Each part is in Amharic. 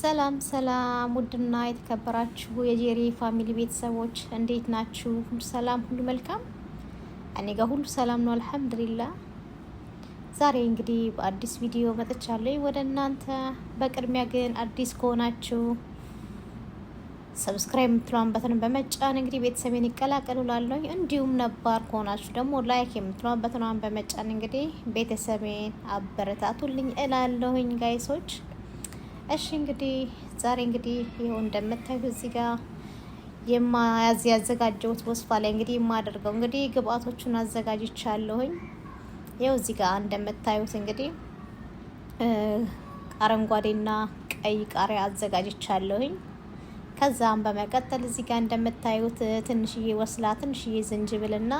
ሰላም ሰላም፣ ውድና የተከበራችሁ የጄሪ ፋሚሊ ቤተሰቦች እንዴት ናችሁ? ሁሉ ሰላም፣ ሁሉ መልካም። እኔ ጋር ሁሉ ሰላም ነው፣ አልሐምዱሊላ። ዛሬ እንግዲህ በአዲስ ቪዲዮ መጥቻለሁ ወደ እናንተ። በቅድሚያ ግን አዲስ ከሆናችሁ ሰብስክራይብ የምትለዋን በተን በመጫን እንግዲህ ቤተሰቤን ይቀላቀሉ ላለሁ፣ እንዲሁም ነባር ከሆናችሁ ደግሞ ላይክ የምትለዋን በተኗን በመጫን እንግዲህ ቤተሰቤን አበረታቱልኝ እላለሁኝ ጋይሶች እሺ እንግዲህ ዛሬ እንግዲህ ይኸው እንደምታዩ እዚህ ጋር የማያዝ ያዘጋጀሁት ወስፋ ላይ እንግዲህ የማደርገው እንግዲህ ግብአቶቹን አዘጋጅቻለሁኝ። ይኸው እዚህ ጋር እንደምታዩት እንግዲህ አረንጓዴና ቀይ ቃሪያ አዘጋጅቻለሁኝ። ከዛም በመቀጠል እዚህ ጋር እንደምታዩት ትንሽዬ ወስላ፣ ትንሽዬ ዝንጅብልና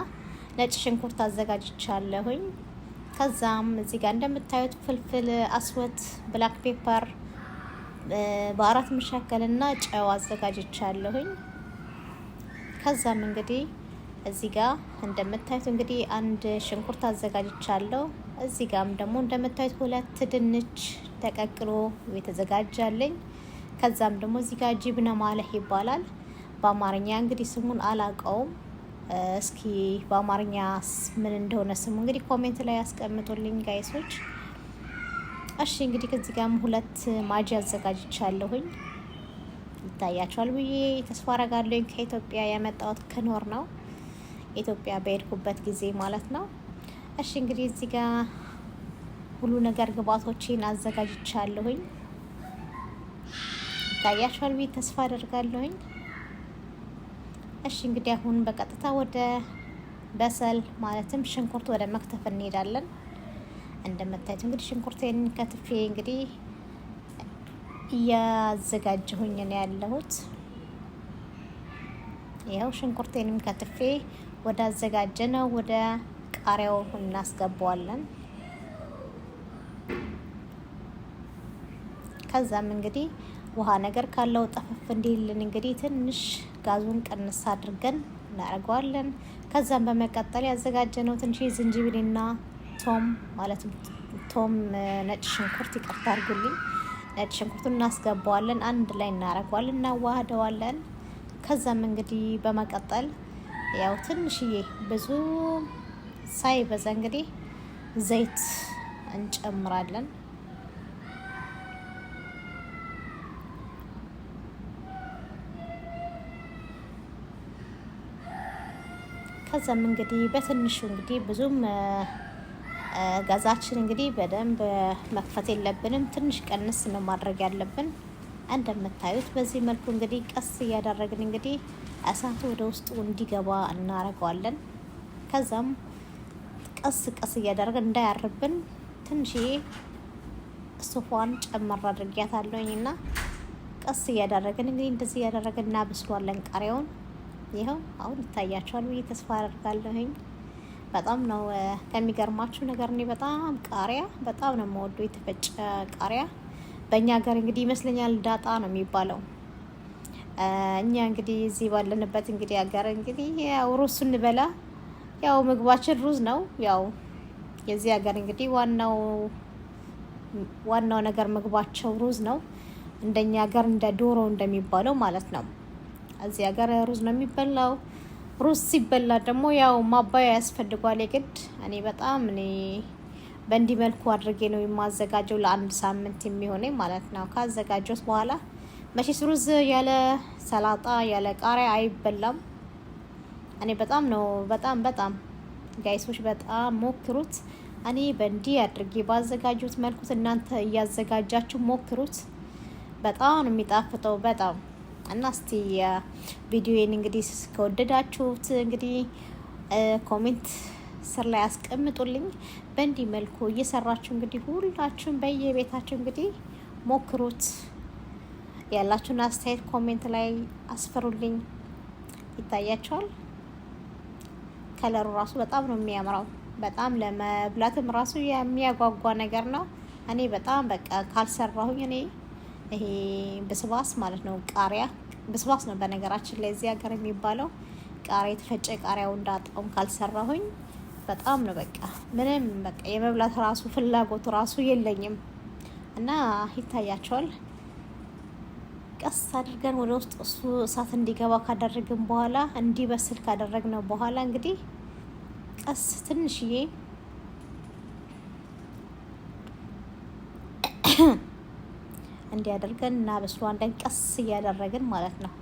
ነጭ ሽንኩርት አዘጋጅቻለሁኝ። ከዛም እዚህ ጋር እንደምታዩት ፍልፍል አስወት፣ ብላክ ፔፐር በአራት መሻከልና ጨው አዘጋጅቻለሁኝ። ከዛም እንግዲህ እዚህ ጋር እንደምታዩት እንግዲህ አንድ ሽንኩርት አዘጋጅቻለሁ። እዚህ ጋም ደግሞ እንደምታዩት ሁለት ድንች ተቀቅሎ የተዘጋጃለኝ። ከዛም ደግሞ እዚህ ጋር ጅብነ ማለህ ይባላል በአማርኛ እንግዲህ ስሙን አላቀውም። እስኪ በአማርኛ ምን እንደሆነ ስሙ እንግዲህ ኮሜንት ላይ ያስቀምጡልኝ ጋይሶች። እሺ እንግዲህ ከዚህ ጋርም ሁለት ማጂ አዘጋጅቻለሁኝ ይታያቸዋል ብዬ ተስፋ አረጋለሁኝ። ከኢትዮጵያ ያመጣሁት ክኖር ነው ኢትዮጵያ በሄድኩበት ጊዜ ማለት ነው። እሺ እንግዲህ እዚህ ጋር ሁሉ ነገር ግብአቶችን አዘጋጅቻለሁኝ ይታያቸዋል ብዬ ተስፋ አደርጋለሁኝ። እሺ እንግዲህ አሁን በቀጥታ ወደ በሰል ማለትም ሽንኩርት ወደ መክተፍ እንሄዳለን። እንደምታዩት እንግዲህ ሽንኩርቴን ከትፌ እንግዲህ እያዘጋጀሁኝ ነው ያለሁት። ይኸው ሽንኩርቴንም ከትፌ ወደ አዘጋጀ ነው ወደ ቃሪያው እናስገባዋለን። ከዛም እንግዲህ ውሃ ነገር ካለው ጠፈፍ እንዲልን እንግዲህ ትንሽ ጋዙን ቀንስ አድርገን እናደርገዋለን። ከዛም በመቀጠል ያዘጋጀነው ትንሽ ዝንጅብልና ቶም ማለት ቶም ነጭ ሽንኩርት ይቅርታ አድርጉልኝ። ነጭ ሽንኩርቱን እናስገባዋለን፣ አንድ ላይ እናደርገዋለን፣ እናዋህደዋለን። ከዛም እንግዲህ በመቀጠል ያው ትንሽዬ ብዙ ሳይበዛ እንግዲህ ዘይት እንጨምራለን። ከዛም እንግዲህ በትንሹ እንግዲህ ብዙም ጋዛችን እንግዲህ በደንብ መክፈት የለብንም። ትንሽ ቀንስ ነው ማድረግ ያለብን። እንደምታዩት በዚህ መልኩ እንግዲህ ቀስ እያደረግን እንግዲህ እሳቱ ወደ ውስጡ እንዲገባ እናደርገዋለን። ከዛም ቀስ ቀስ እያደረግን እንዳያርብን ትንሽ ሱፏን ጨመር አድርጊያታለሁኝ እና ቀስ እያደረግን እንግዲህ እንደዚህ እያደረግን እናበስሏለን ቃሪያውን። ይኸው አሁን ይታያቸዋል ብዬ ተስፋ አደርጋለሁኝ። በጣም ነው ከሚገርማችሁ ነገር እኔ በጣም ቃሪያ በጣም ነው የምወደው። የተፈጨ ቃሪያ በእኛ ሀገር እንግዲህ ይመስለኛል ዳጣ ነው የሚባለው። እኛ እንግዲህ እዚህ ባለንበት እንግዲህ ሀገር እንግዲህ ያው ሩዝ ስንበላ ያው ምግባችን ሩዝ ነው። ያው የዚህ ሀገር እንግዲህ ዋናው ዋናው ነገር ምግባቸው ሩዝ ነው። እንደኛ ሀገር እንደ ዶሮ እንደሚባለው ማለት ነው። እዚህ ሀገር ሩዝ ነው የሚበላው። ሩዝ ሲበላ ደግሞ ያው ማባያ ያስፈልጓል የግድ። እኔ በጣም እኔ በእንዲህ መልኩ አድርጌ ነው የማዘጋጀው ለአንድ ሳምንት የሚሆነኝ ማለት ነው። ካዘጋጀት በኋላ መቼስ ሩዝ ያለ ሰላጣ ያለ ቃሪያ አይበላም። እኔ በጣም ነው በጣም በጣም ጋይሶች በጣም ሞክሩት። እኔ በእንዲህ አድርጌ ባዘጋጁት መልኩት እናንተ እያዘጋጃችሁ ሞክሩት። በጣም ነው የሚጣፍጠው በጣም እና እስቲ ቪዲዮን እንግዲህ ከወደዳችሁት እንግዲህ ኮሜንት ስር ላይ አስቀምጡልኝ። በእንዲህ መልኩ እየሰራችሁ እንግዲህ ሁላችሁም በየቤታችሁ እንግዲህ ሞክሩት። ያላችሁን አስተያየት ኮሜንት ላይ አስፈሩልኝ። ይታያቸዋል። ከለሩ ራሱ በጣም ነው የሚያምረው። በጣም ለመብላትም ራሱ የሚያጓጓ ነገር ነው። እኔ በጣም በቃ ካልሰራሁኝ እኔ ይሄ ብስባስ ማለት ነው። ቃሪያ ብስባስ ነው በነገራችን ላይ እዚህ ሀገር የሚባለው ቃሪያ፣ የተፈጨ ቃሪያው እንዳጣውን ካልሰራሁኝ በጣም ነው በቃ ምንም በቃ የመብላት ራሱ ፍላጎት ራሱ የለኝም እና ይታያቸዋል። ቀስ አድርገን ወደ ውስጥ እሱ እሳት እንዲገባ ካደረግን በኋላ እንዲበስል ካደረግነው በኋላ እንግዲህ ቀስ ትንሽዬ እንዲያደርገን እና በሱ አንዳን ቀስ እያደረግን ማለት ነው።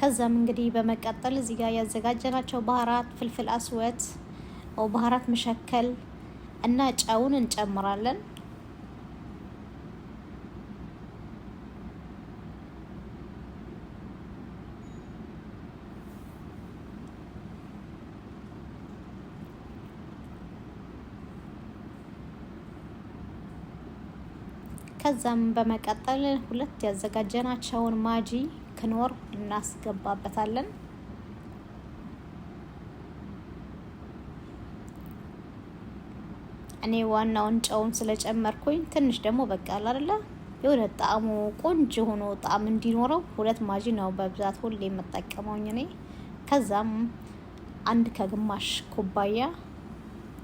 ከዛም እንግዲህ በመቀጠል እዚህ ጋር ያዘጋጀናቸው ባህራት ፍልፍል አስወት ባህራት መሸከል እና ጨውን እንጨምራለን። ከዛም በመቀጠል ሁለት ያዘጋጀናቸውን ማጂ ክኖር እናስገባበታለን። እኔ ዋናውን ጨውን ስለጨመርኩኝ ትንሽ ደግሞ በቃ አላለ የሆነ ጣዕሙ ቆንጆ ሆኖ ጣዕም እንዲኖረው ሁለት ማጂ ነው በብዛት ሁሌ የምጠቀመውኝ እኔ። ከዛም አንድ ከግማሽ ኩባያ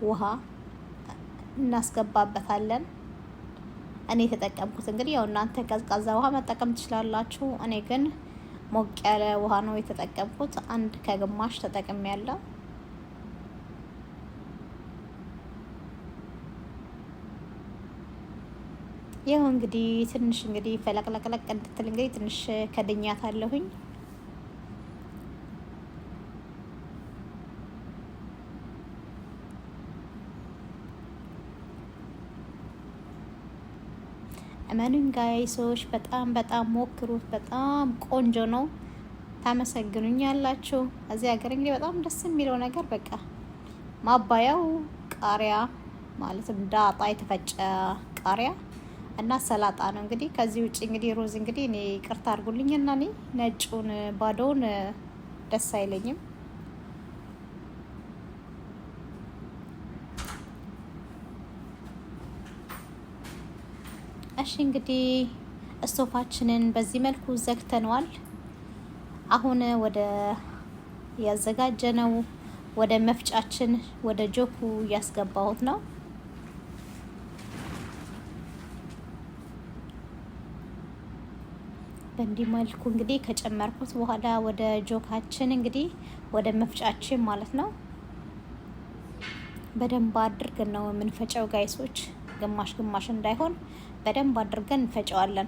ውሃ እናስገባበታለን። እኔ የተጠቀምኩት እንግዲህ ያው እናንተ ቀዝቃዛ ውሃ መጠቀም ትችላላችሁ። እኔ ግን ሞቅ ያለ ውሃ ነው የተጠቀምኩት። አንድ ከግማሽ ተጠቅም ያለው ይኸው እንግዲህ ትንሽ እንግዲህ ፈለቅለቅለቅ እንድትል እንግዲህ ትንሽ ከድኛት አለሁኝ። እመኑኝ ጋይ ሰዎች በጣም በጣም ሞክሩት። በጣም ቆንጆ ነው። ታመሰግኑኝ ያላችሁ እዚህ ሀገር እንግዲህ በጣም ደስ የሚለው ነገር በቃ ማባያው ቃሪያ ማለትም ዳጣ የተፈጨ ቃሪያ እና ሰላጣ ነው። እንግዲህ ከዚህ ውጭ እንግዲህ ሮዝ እንግዲህ እኔ ቅርታ አድርጉልኝ እና እኔ ነጩን ባዶውን ደስ አይለኝም። እሺ እንግዲህ እስቶፋችንን በዚህ መልኩ ዘግተነዋል። አሁን ወደ ያዘጋጀነው ወደ መፍጫችን ወደ ጆኩ እያስገባሁት ነው። በእንዲህ መልኩ እንግዲህ ከጨመርኩት በኋላ ወደ ጆካችን እንግዲህ ወደ መፍጫችን ማለት ነው በደንብ አድርገን ነው የምንፈጨው ጋይሶች፣ ግማሽ ግማሽ እንዳይሆን በደንብ አድርገን እንፈጨዋለን።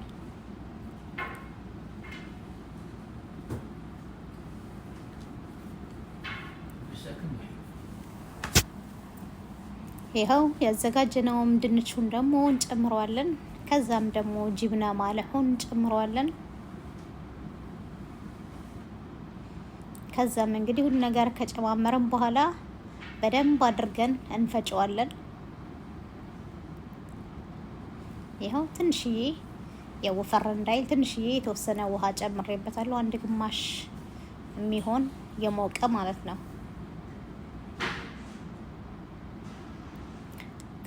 ይኸው ያዘጋጀነውም ድንቹን ደግሞ እንጨምረዋለን። ከዛም ደግሞ ጅብና ማለሁን እንጨምረዋለን። ከዛም እንግዲህ ሁሉ ነገር ከጨማመረን በኋላ በደንብ አድርገን እንፈጨዋለን። ይኸው ትንሽዬ የወፈር እንዳይል ትንሽዬ የተወሰነ ውሃ ጨምሬበታለሁ። አንድ ግማሽ የሚሆን የሞቀ ማለት ነው።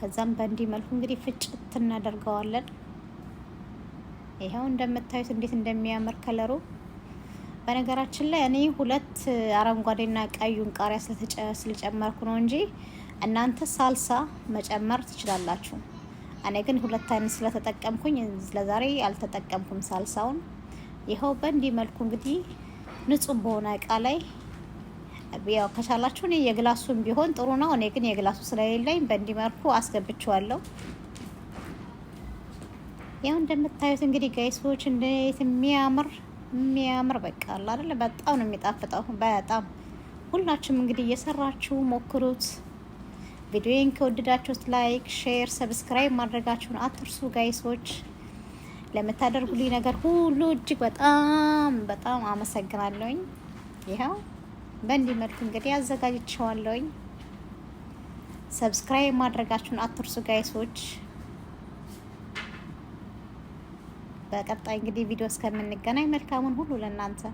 ከዛም በእንዲህ መልኩ እንግዲህ ፍጭት እናደርገዋለን። ይኸው እንደምታዩት እንዴት እንደሚያምር ከለሩ። በነገራችን ላይ እኔ ሁለት አረንጓዴና ቀዩን ቃሪያ ስለጨመርኩ ነው እንጂ እናንተ ሳልሳ መጨመር ትችላላችሁ። እኔ ግን ሁለት አይነት ስለተጠቀምኩኝ ለዛሬ አልተጠቀምኩም ሳልሳውን። ይኸው በእንዲህ መልኩ እንግዲህ ንጹህ በሆነ እቃ ላይ ያው ከቻላችሁ እኔ የግላሱን ቢሆን ጥሩ ነው። እኔ ግን የግላሱ ስለሌለኝ በእንዲህ መልኩ አስገብቼዋለሁ። ያው እንደምታዩት እንግዲህ ጋይሶች እንዴት የሚያምር የሚያምር በቃ አለ አይደለ? በጣም ነው የሚጣፍጠው። በጣም ሁላችሁም እንግዲህ እየሰራችሁ ሞክሩት። ቪዲዮን ከወደዳችሁት ላይክ፣ ሼር፣ ሰብስክራይብ ማድረጋችሁን አትርሱ ጋይሶች። ለምታደርጉልኝ ነገር ሁሉ እጅግ በጣም በጣም አመሰግናለሁኝ። ይኸው በእንዲህ መልኩ እንግዲህ አዘጋጅቸዋለሁኝ። ሰብስክራይብ ማድረጋችሁን አትርሱ ጋይሶች። በቀጣይ እንግዲህ ቪዲዮ እስከምንገናኝ መልካሙን ሁሉ ለእናንተ